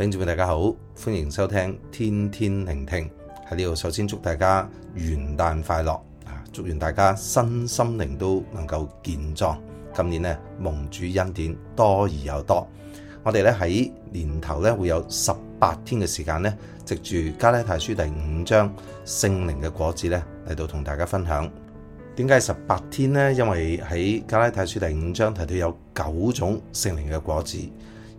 聽眾大家好，歡迎收聽天天靈聽。喺呢度，首先祝大家元旦快樂啊！祝願大家身心靈都能夠健壯。今年呢蒙主恩典多而又多，我哋咧喺年頭咧會有十八天嘅時間咧，藉住加拉太書第五章聖靈嘅果子咧嚟到同大家分享。點解十八天呢？因為喺加拉太書第五章提到有九種聖靈嘅果子。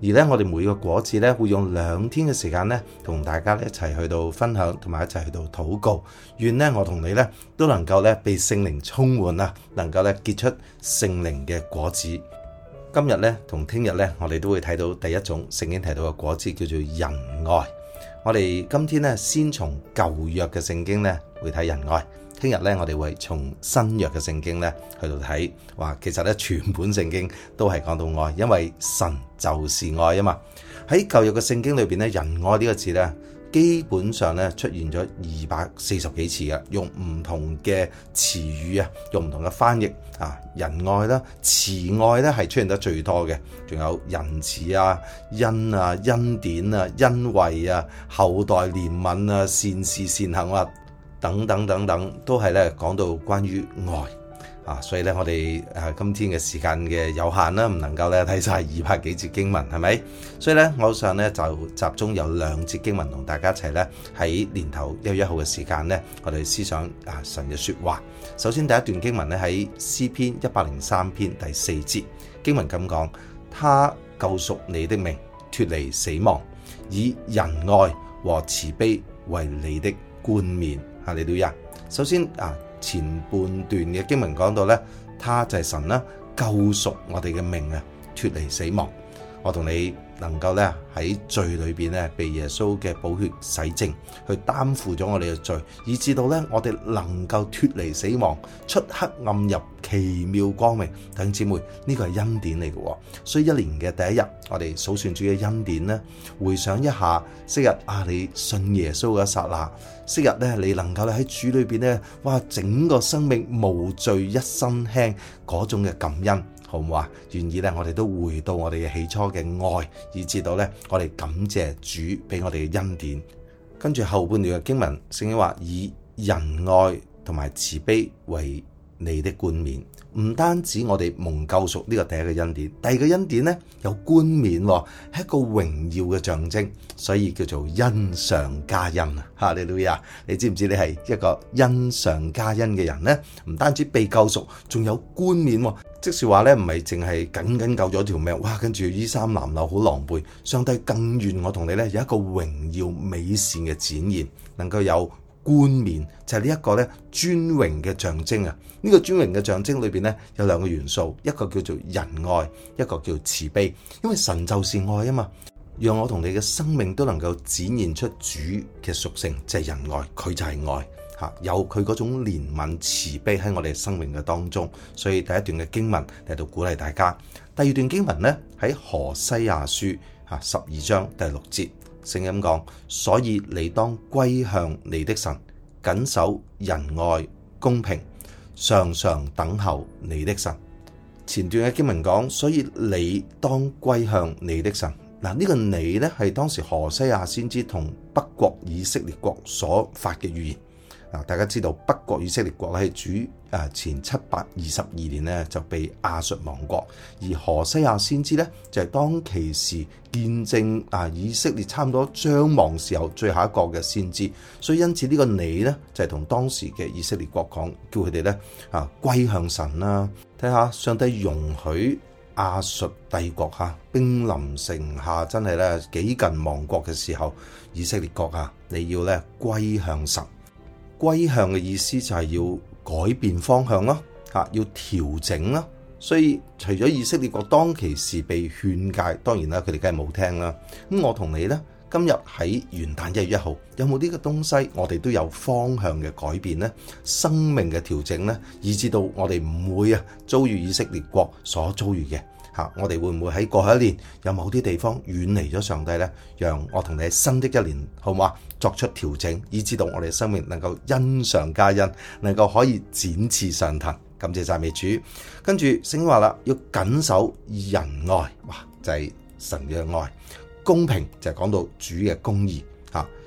而咧，我哋每個果子咧，會用兩天嘅時間咧，同大家一齊去到分享，同埋一齊去到禱告。願咧我同你咧，都能夠咧被聖靈充滿喇，能夠咧結出聖靈嘅果子。今日咧同聽日咧，我哋都會睇到第一種聖經提到嘅果子叫做仁愛。我哋今天咧先從舊約嘅聖經咧，會睇仁愛。聽日咧，我哋會從新約嘅聖經咧去到睇，話其實咧全本聖經都係講到愛，因為神就是愛啊嘛。喺舊約嘅聖經裡邊咧，仁愛呢個字咧，基本上咧出現咗二百四十幾次嘅，用唔同嘅詞語啊，用唔同嘅翻譯啊，仁愛啦，慈愛咧係出現得最多嘅，仲有仁慈啊，恩啊，恩典啊，恩惠啊，後代憐憫啊，善事善行啊。等等等等，都係咧講到關於愛啊，所以咧，我哋誒今天嘅時間嘅有限啦，唔能夠咧睇晒二百幾節經文，係咪？所以咧，我想咧就集中有兩節經文同大家一齊咧喺年頭一月一號嘅時間咧，我哋思想啊神嘅說話。首先第一段經文咧喺詩篇一百零三篇第四節經文咁講，他救贖你的命，脫離死亡，以仁愛和慈悲為你的冠冕。哈利路亞，首先啊，前半段嘅經文講到咧，他就係神啦，救贖我哋嘅命啊，脫離死亡。我同你能夠咧喺罪裏邊咧被耶穌嘅寶血洗淨，去擔負咗我哋嘅罪，以致到咧我哋能夠脫離死亡，出黑暗入奇妙光明。弟兄姊妹，呢個係恩典嚟嘅，所以一年嘅第一日，我哋數算主嘅恩典咧，回想一下昔日啊你信耶穌嘅一剎那，昔日咧你能夠咧喺主裏邊咧，哇整個生命無罪，一身輕嗰種嘅感恩。好唔好啊？願意咧，我哋都回到我哋嘅起初嘅愛，以至到咧，我哋感謝主俾我哋嘅恩典。跟住後半段嘅經文，聖經話以仁愛同埋慈悲為你的冠冕，唔單止我哋蒙救贖，呢個第一個恩典。第二個恩典呢，有冠冕，係一個榮耀嘅象徵，所以叫做恩上加恩啊！哈利路亞，你知唔知你係一個恩上加恩嘅人呢？唔單止被救贖，仲有冠冕，即是話咧唔係淨係僅僅救咗條命，哇！跟住衣衫襤褸好狼狽，上帝更願我同你咧有一個榮耀美善嘅展現，能夠有。冠冕就係呢一個咧，尊榮嘅象徵啊！呢個尊榮嘅象、這個、象徵裏邊咧，有兩個元素，一個叫做仁愛，一個叫做慈悲。因為神就是愛啊嘛，讓我同你嘅生命都能夠展現出主嘅屬性，即係仁愛，佢就係愛吓，有佢嗰種憐憫慈悲喺我哋生命嘅當中。所以第一段嘅經文嚟到鼓勵大家，第二段經文咧喺何西亞書吓十二章第六節。聲音講，所以你當歸向你的神，謹守仁愛、公平，常常等候你的神。前段嘅經文講，所以你當歸向你的神。嗱，呢個你呢係當時何西亞先知同北國以色列國所發嘅預言。嗱，大家知道北國以色列國喺主誒前七百二十二年咧就被亞述亡國，而何西亞先知咧就係、是、當其時見證啊，以色列差唔多將亡時候最下一個最後一個嘅先知，所以因此呢個你咧就係、是、同當時嘅以色列國講，叫佢哋咧啊歸向神啦、啊。睇下上帝容許亞述帝國嚇、啊、兵臨城下，真係咧幾近亡國嘅時候，以色列國啊，你要咧歸向神。歸向嘅意思就係要改變方向咯，吓，要調整啦。所以除咗以色列國當其時被勸誡，當然啦，佢哋梗係冇聽啦。咁我同你呢，今日喺元旦一月一號，有冇呢個東西，我哋都有方向嘅改變呢？生命嘅調整呢？以至到我哋唔會啊遭遇以色列國所遭遇嘅。吓，我哋會唔會喺過去一年有某啲地方遠離咗上帝呢？讓我同你新的一年好唔好啊？作出調整，以致到我哋生命能夠恩上加恩，能夠可以展翅上騰。感謝讚美主。跟住聖經話啦，要謹守仁愛，哇，就係、是、神嘅愛，公平就係講到主嘅公義，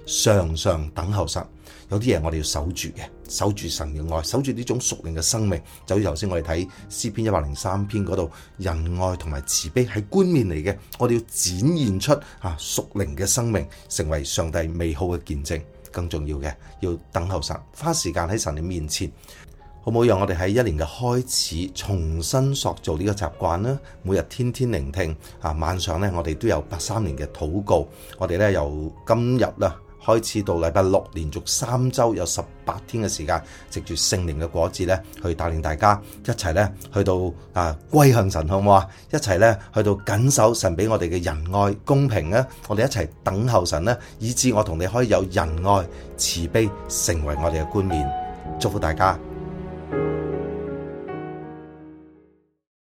常常等候神，有啲嘢我哋要守住嘅，守住神嘅愛，守住呢種屬靈嘅生命。就好似頭先我哋睇詩篇一百零三篇嗰度，仁愛同埋慈悲係冠冕嚟嘅。我哋要展現出吓屬、啊、屬靈嘅生命，成為上帝美好嘅見證。更重要嘅，要等候神，花時間喺神嘅面前，好唔好？讓我哋喺一年嘅開始重新塑造呢個習慣啦。每日天天聆聽啊，晚上呢，我哋都有八三零嘅禱告，我哋呢由今日啦，開始到禮拜六，連續三週有十八天嘅時間，藉住聖靈嘅果子咧，去帶領大家一齊咧去到啊歸向神，好唔好啊？一齊咧去到謹守神俾我哋嘅仁愛、公平咧，我哋一齊等候神咧，以致我同你可以有仁愛、慈悲成為我哋嘅冠冕。祝福大家。